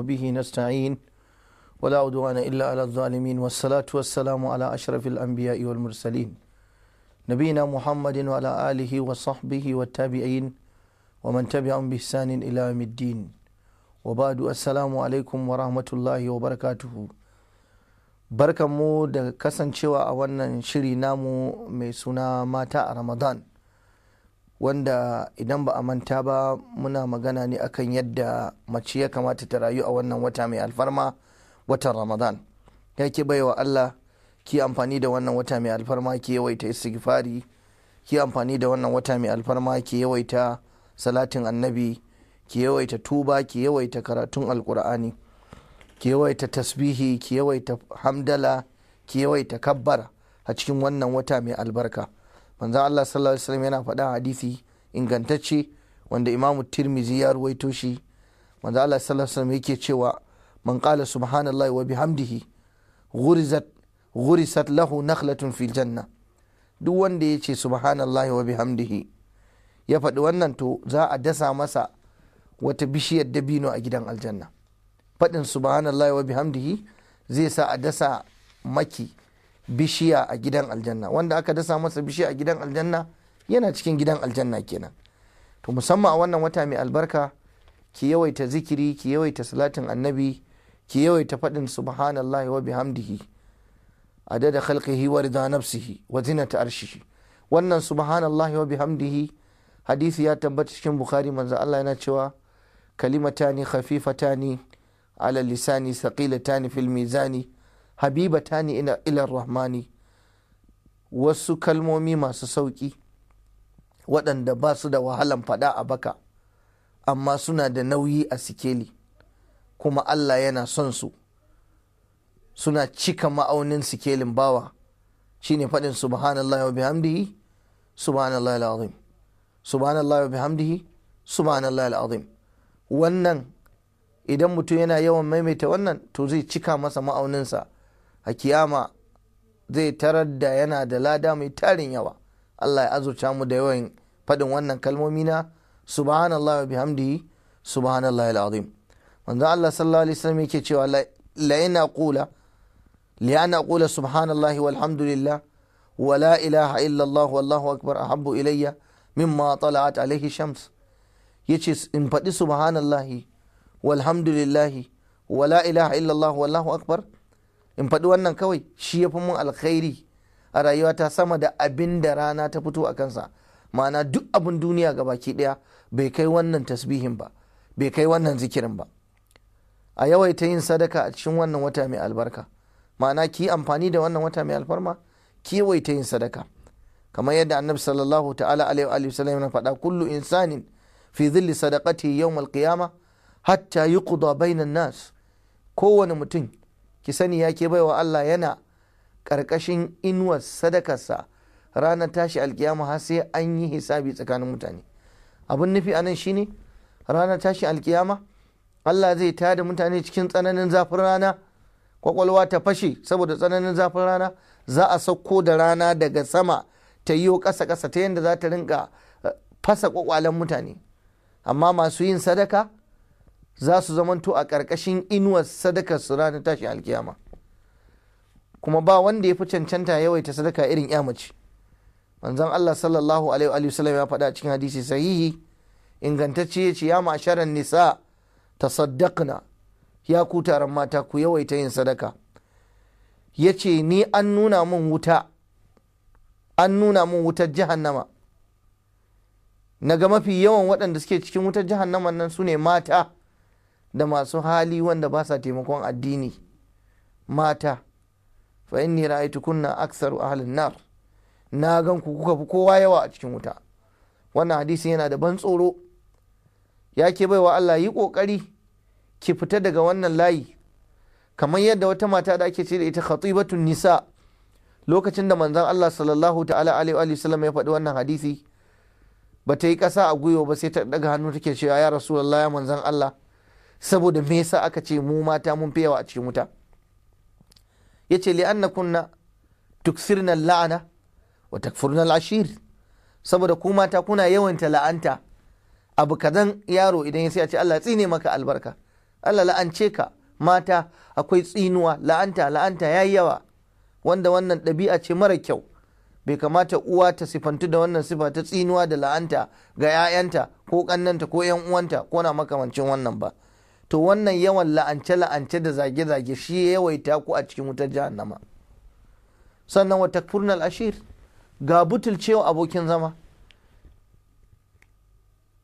وبه نستعين ولا عدوان إلا على الظالمين والصلاة والسلام على أشرف الأنبياء والمرسلين نبينا محمد وعلى آله وصحبه والتابعين ومن تبعهم بإحسان إلى يوم الدين وبعد السلام عليكم ورحمة الله وبركاته barkanmu da kasancewa a wannan shiri namu mai suna mata a ramadan wanda idan ba a manta ba muna magana ne akan yadda mace ya kamata ta rayu a wannan wata mai alfarma watan ramadan ya ke baiwa allah ki amfani da wannan wata mai alfarma ki yawaita istighfari ki amfani da wannan wata mai alfarma ki yawaita salatin annabi ki yawaita tuba ki yawaita karatun alkur'ani ki yawaita tasbihi ki yawaita hamdala ki yawaita kabbar a cikin wannan wata mai albarka manzan Allah sallallahu alaihi wasallam yana faɗa hadisi ingantacce wanda Imamu Tirmizi ya ruwaito shi manzan Allah sallallahu alaihi wasallam yake cewa man qala subhanallahi wa bihamdihi ghurizat ghurisat lahu nakhlatun fil janna duk wanda ya ce subhanallahi wa bihamdihi ya faɗi wannan to za a dasa masa wata bishiyar dabino a gidan aljanna faɗin subhanallahi wa bihamdihi zai sa a dasa maki bishiya a gidan aljanna wanda aka dasa masa bishiya a gidan aljanna yana cikin gidan aljanna kenan to musamman a wannan wata mai albarka ki yawaita zikiri ki yawaita salatin annabi ki yawaita faɗin subhanallah wa bihamdihi adada khalqihi wa rida nafsihi wa zinata arshihi wannan subhanallah wa bihamdihi hadisi ya tabbata cikin bukhari manzo Allah yana cewa kalimatani khafifatani ala lisani thaqilatani fil mizani habibata ne ila rahmani wasu kalmomi masu sauƙi waɗanda ba su da wahalan faɗa a baka amma suna da nauyi a sikeli kuma Allah yana son su suna cika ma'aunin sikelin bawa shine faɗin subhanallah wa bihamdihi subhanallah al'azim subhanallah wa bihamdihi subhanallah al'azim wannan idan mutum yana yawan maimaita wannan to zai cika masa ma'auninsa a kiyama zai tarar da yana da lada mai tarin yawa Allah ya azurta mu da yawan faɗin wannan kalmomi na subhanallah wa bihamdihi subhanallah alazim manzo Allah sallallahu alaihi wasallam yake cewa la ina qula li ana qula subhanallah walhamdulillah wa la ilaha illa Allah wallahu akbar ahabbu ilayya mimma tala'at alaihi shams yace in faɗi subhanallahi walhamdulillahi wa la ilaha illa Allah wallahu akbar in faɗi wannan kawai shi ya fi mun alkhairi a rayuwa ta sama da abin da rana ta fito a kansa ma'ana duk abin duniya ga baki ɗaya bai kai wannan tasbihin ba bai kai wannan zikirin ba a yawaita yin sadaka a cikin wannan wata mai albarka ma'ana ki amfani da wannan wata mai alfarma ki yawaita yin sadaka kamar yadda annabi sallallahu ta'ala alaihi wa sallam faɗa kullu insanin fi dhilli sadaqati yawm al-qiyamah hatta yuqda bainan nas kowane mutum ki sani ya ke baiwa Allah yana ƙarƙashin inuwar sadakarsa ranar tashi alkiyama har sai an yi hisabi tsakanin mutane abin nufi anan shi ne ranar tashi alkiyama Allah zai da mutane cikin tsananin zafin rana kwakwalwa ta fashe saboda tsananin zafin rana za a sauko da rana daga sama ta yi ƙasa ƙasa ta yadda za ta rinka eh, fasa kwakwalen mutane amma masu yin sadaka za su zamanto a ƙarƙashin inuwar sadakar su ranar tashin alkiyama kuma ba wanda ya fi cancanta yawaita sadaka irin ya mace manzon Allah sallallahu alaihi wa sallam ya faɗa cikin hadisi sahihi ingantacce ya ce ya ma'asharan nisa tasaddaqna ya ku taron mata ku yawaita yin sadaka ya ce ni an nuna mun wuta an nuna mun wutar jahannama na ga mafi yawan waɗanda suke cikin wutar jahannaman nan su ne mata da masu hali wanda ba sa taimakon addini mata fa inni ra'aytu kunna aktsaru ahlin nar na gan ku kuka fi kowa yawa a cikin wuta wannan hadisi yana da ban tsoro ya ke baiwa Allah yi kokari ki fita daga wannan layi kamar yadda wata mata da ake ce da ita khatibatun nisa lokacin da manzon Allah sallallahu ta'ala alaihi wa sallam ya faɗi wannan hadisi ba ta yi ƙasa a gwiwa ba sai ta daga hannu take cewa ya rasulullahi ya manzon Allah saboda me yasa aka ce mu mata mun fi yawa a cikin wuta ya yace li annakunna tuksirna la'ana wa takfurna al'ashir saboda ku mata kuna yawanta la'anta abu kadan yaro idan ya sai a ce Allah tsine maka albarka Allah la'ance ka mata akwai tsinuwa la'anta la'anta yayi yawa wanda wannan ɗabi'a ce mara kyau bai kamata uwa ta sifantu da wannan sifa ta tsinuwa da la'anta ga 'ya'yanta ko ƙannanta ko 'yan uwanta ko na makamancin wannan ba to wannan yawan la'ance-la'ance da zage-zage shi ya yawaita ku a cikin wutar jahannama sannan wata kurnal ashir ga butulcewa abokin zama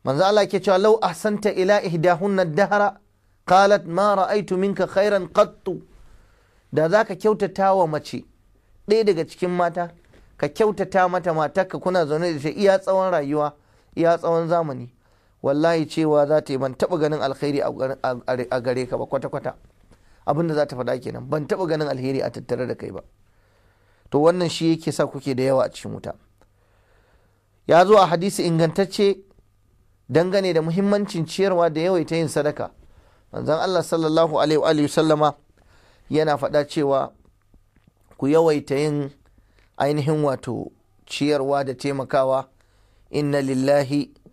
manzo Allah ke cewa law ahsanta ila ihdahunna dahara qalat ma ra'aytu minka khairan qattu da zaka kyautata wa mace ɗaya daga cikin mata ka kyautata mata matarka kuna zaune da shi iya tsawon rayuwa iya tsawon zamani wallahi cewa za ta yi ban taɓa ganin alkhairi a gare ka ba kwata-kwata abinda za ta faɗa kenan ban taɓa ganin alheri a tattare da kai ba to wannan shi yake sa kuke da yawa a cikin wuta ya zo a hadisi ingantacce dangane da muhimmancin ciyarwa da yawaita yin sadaka manzon Allah sallallahu alaihi wa sallama yana faɗa cewa ku yawaita yin ainihin wato ciyarwa da taimakawa inna lillahi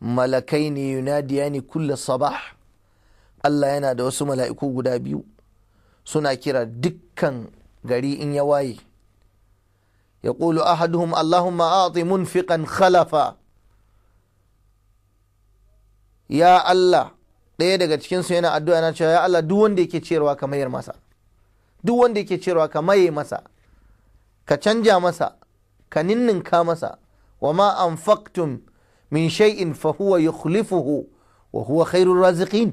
malakai ne yunadiya ne kulla sabah Allah yana da wasu mala'iku guda biyu suna kira dukkan gari in ya waye ya ƙulu ahaduhum Allahumma a'ti munfiqan khalafa ya Allah ɗaya daga cikinsu yana addu'a yana cewa ya Allah duk wanda yake cewa ka mayar masa duk wanda yake cewa ka maye masa ka canja masa ka ninninka masa wa ma anfaqtum min shay'in fa huwa yukhlifuhu wa huwa khairur raziqin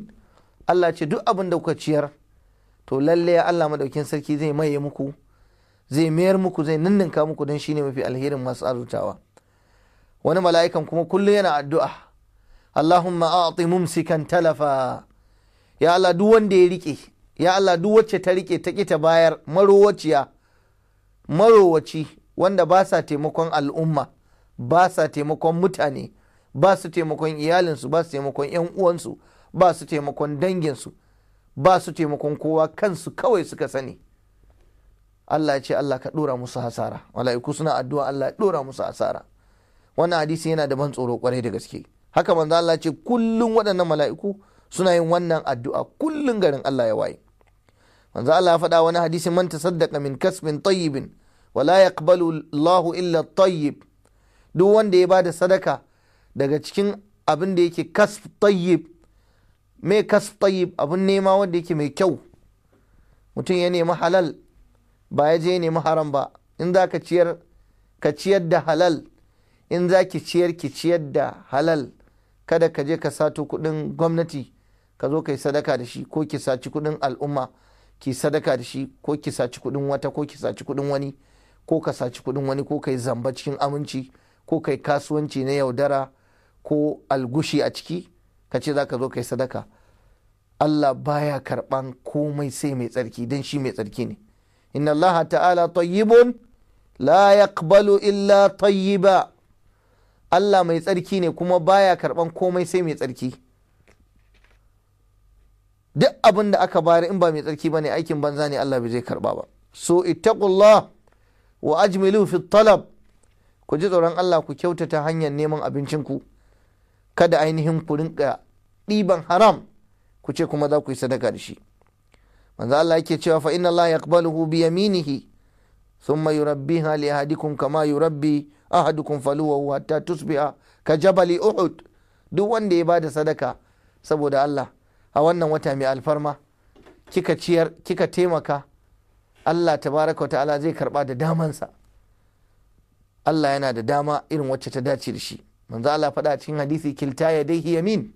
Allah ce duk abin da kuka ciyar to lalle Allah madaukin sarki zai maye muku zai mayar muku zai ninninka muku dan shine mafi alherin masu arzutawa wani mala'ikan kuma kullum yana addu'a Allahumma a'ti mumsikan talafa ya Allah duk wanda ya rike ya Allah duk wacce ta rike ta ta bayar marowaciya marowaci wanda ba sa taimakon al'umma ba sa taimakon mutane ba su taimakon iyalinsu ba su taimakon 'yan uwansu ba su taimakon danginsu ba su taimakon kowa kansu kawai suka sani Allah ya ce Allah ka ɗora musu hasara ku suna addu'a Allah ya ɗora musu hasara wannan hadisi yana da ban tsoro kwarai da gaske haka manzo Allah ya ce kullun waɗannan mala'iku suna yin wannan addu'a kullun garin Allah ya waye manzo Allah ya faɗa wani hadisi man tasaddaqa min kasbin tayyibin wala yaqbalu Allahu illa tayyib duk wanda ya bada sadaka daga cikin abin da yake kasf tayyib mai kasf tayyib abin nema wanda yake mai kyau mutum ya nemi halal ba ya je ya nemi haram ba in za ka ciyar ka ciyar da halal in za ki ciyar ki ciyar da halal kada ka je ka sato kudin gwamnati ka zo ka yi sadaka da shi ko ki saci kudin al'umma ki sadaka da shi ko ki saci kudin wata ko ki saci kudin wani ko ka saci kudin wani ko ka yi zamba cikin aminci ko ka yi kasuwanci na yaudara ko algushi a ciki ka ce za ka zo ka yi sadaka Allah baya karɓan komai sai mai tsarki don shi mai tsarki ne inna Allah ta'ala tayyibun la yaqbalu illa tayyiba Allah mai tsarki ne kuma baya karban komai sai mai tsarki duk abin da aka bayar in ba mai tsarki bane aikin banza ne Allah bai zai karɓa ba so ittaqullah wa ajmilu fi talab ku ji tsoron Allah ku kyautata hanyar neman abincinku ku kada ainihin ku rinka ɗiban haram ku ce kuma za ku yi sadaka da shi manzo Allah yake cewa fa inna Allah yaqbaluhu bi yaminihi thumma yurabbiha li ahadikum kama yurabbi ahadukum faluwahu hatta tusbiha ka jabali uhud duk wanda ya bada sadaka saboda Allah a wannan wata mai alfarma kika ciyar kika taimaka Allah tabaraka wa ta'ala zai karba da damansa Allah yana da dama irin wacce ta dace da shi manzo Allah faɗa cikin hadisi kilta ya dai yamin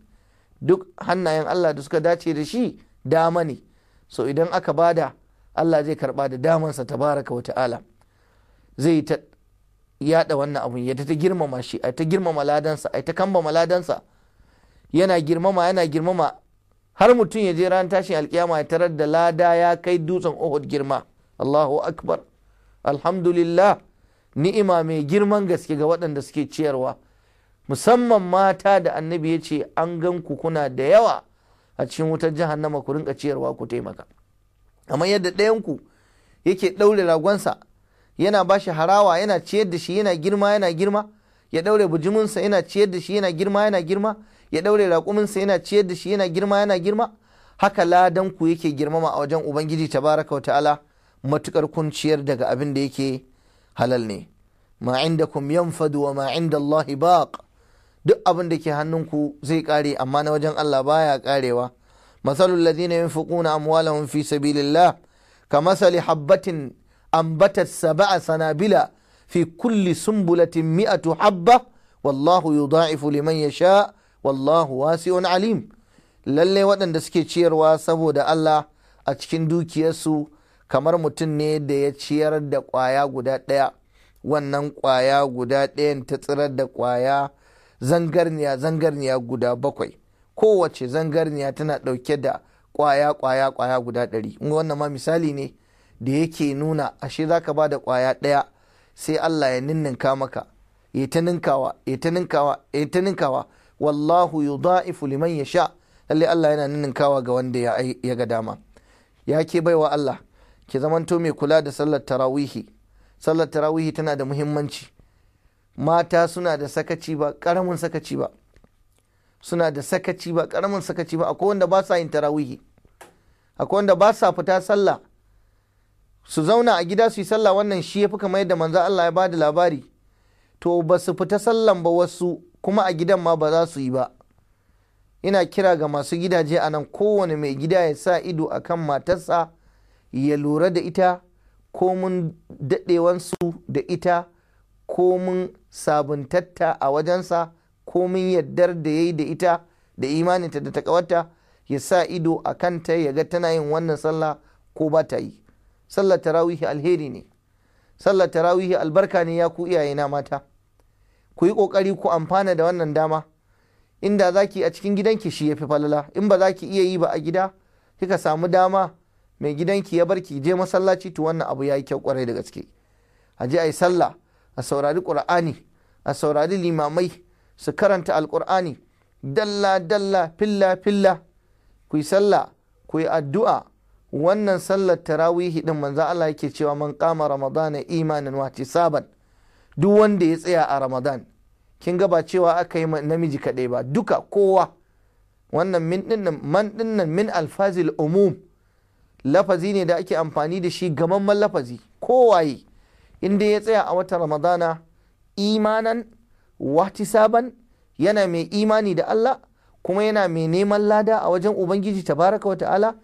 duk hannayen Allah da suka dace da shi dama ne so idan aka bada Allah zai karba da damansa tabaraka wa ta'ala zai ta yada wannan abun ya ta girmama shi ai ta girmama ladansa ai ta kamba maladansa yana girmama yana girmama har mutum ya je ran tashin alkiyama ya tarar da lada ya kai dutsen Uhud girma Allahu akbar alhamdulillah ni'ima mai girman gaske ga waɗanda suke ciyarwa musamman mata da annabi ya ce an gan ku kuna da yawa a cikin wutar jahannama ku rinka ciyarwa ku taimaka amma yadda ɗayanku yake ɗaure ragonsa yana ba shi harawa yana ciyar da shi yana girma yana girma ya ɗaure bujiminsa yana ciyar da shi yana girma yana girma ya ɗaure raƙuminsa yana ciyar da shi yana girma yana girma haka ladan ku yake girmama a wajen ubangiji tabaraka wa ta'ala matukar kun ciyar daga abin da yake halal ne ma indakum yanfadu wa ma inda Allah baq duk abin da ke hannunku zai kare amma na wajen Allah baya karewa masalul ladina yunfiquna amwalahum fi sabilillah kamasali habbatin ambatat sab'a sanabila fi kulli sumbulatin mi'atu habba wallahu yudha'ifu liman yasha wallahu wasi'un alim lalle waɗanda suke ciyarwa saboda Allah a cikin dukiyarsu kamar mutum ne da ya ciyar da kwaya guda ɗaya wannan kwaya guda ɗayan ta tsirar da kwaya. zangarniya zangarniya guda bakwai kowace zangarniya tana ɗauke da kwaya kwaya kwaya guda ɗari wannan ma misali ne da yake nuna ashe za ka ba da kwaya ɗaya sai Allah ya ninninka maka ya ta ninkawa ya ta ninkawa ya ta ninkawa wallahu yudha'ifu liman sha lalle Allah yana ninninkawa ga wanda ya ga dama ya ke baiwa Allah ki zamanto mai kula da sallar tarawihi sallar tarawihi tana da muhimmanci mata suna da sakaci ba karamin sakaci ba suna da sakaci ba karamin sakaci ba akwai wanda ba sa yin tarawihi akwai wanda ba sa fita sallah su zauna a gida su yi sallah wannan shi ya fi kamar yadda manzo Allah ya bada labari to ba su fita sallan ba wasu kuma a gidan ma ba za su yi ba ina kira ga masu gidaje a nan kowane mai gida ya sa ido a kan matarsa ya lura da ita ko mun daɗewansu da ita ko mun sabuntatta a wajensa Ko komin yardar da ya yi da ita da imaninta da ta kawarta ya sa ido a kanta ya ga tana yin wannan sallah ko ba ta yi sallah tarawihi alheri ne sallah tarawihi albarka ne ya ku na mata ku yi kokari ku amfana da wannan dama inda zaki a cikin gidanki shi ya fi falala in ba za ki iya yi ba a gida kika samu dama mai gidanki ya barki je masallaci to wannan abu ya yi kyau kwarai da gaske a je a yi sallah a saurari ƙur'ani a saurari limamai su karanta alƙur'ani dalla dalla filla filla ku yi sallah ku yi addu'a wannan sallar tarawihi din manzo Allah yake cewa man kama ramadana imanin wati saban duk wanda ya tsaya a ramadan kin ga ba cewa aka yi namiji kaɗai ba duka kowa wannan min dinnan man dinnan min alfazil umum lafazi ne da ake amfani da shi gamamman lafazi kowaye inda ya tsaya a wata ramadana imanan wahtisaban yana mai imani da Allah kuma yana mai neman lada a wajen ubangiji tabaraka wa ta'ala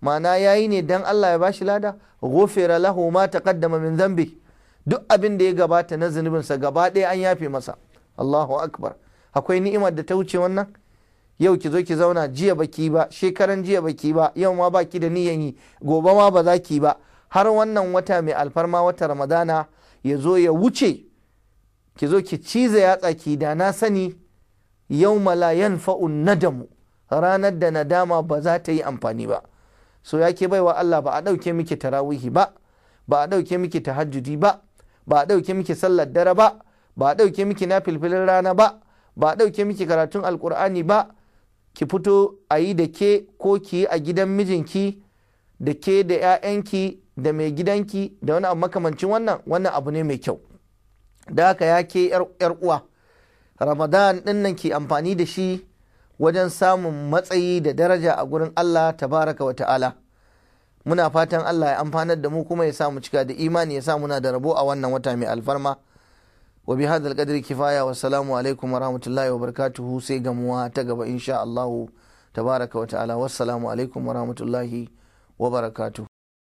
ma'ana yayi ne dan Allah ya bashi lada ghufira lahu ma kaddama min dhanbi duk abin da ya gabata na zunubinsa gaba ɗaya an yafe masa Allahu akbar akwai ni'imar da ta wuce wannan yau ki zo ki zauna jiya baki ba shekaran jiya baki ba yau ma baki da niyan yi gobe ma ba za ki ba har wannan wata mai alfarma wata ramadana ya zo ya wuce ki zo ki ciza yatsa ki da na sani yau fa'un na damu. ranar da nadama ba za ta yi amfani ba so ya ke baiwa Allah ba a ɗauke miki tarawihi ba ba a ɗauke miki tahajjudi ba ba a ɗauke miki sallar dare ba ba a ɗauke miki na filfilin rana ba ba a ɗauke miki karatun alkur'ani ba ki fito a yi da ke ko ki yi a gidan mijinki da ke da 'ya'yanki da mai gidanki da wani abu makamancin wannan wannan abu ne mai kyau da haka ya ke yar uwa ramadan din nan ke amfani da shi wajen samun matsayi da daraja a gurin allah tabaraka wa ta'ala muna fatan allah ya amfanar da mu kuma ya samu cika da imani ya sa muna da rabo a wannan wata mai alfarma wa bi hadal qadri kifaya wa salamu alaikum wa rahmatullahi wa barakatuhu sai gamuwa ta gaba insha allah tabaraka wa ta'ala wassalamu alaikum wa rahmatullahi wa barakatuhu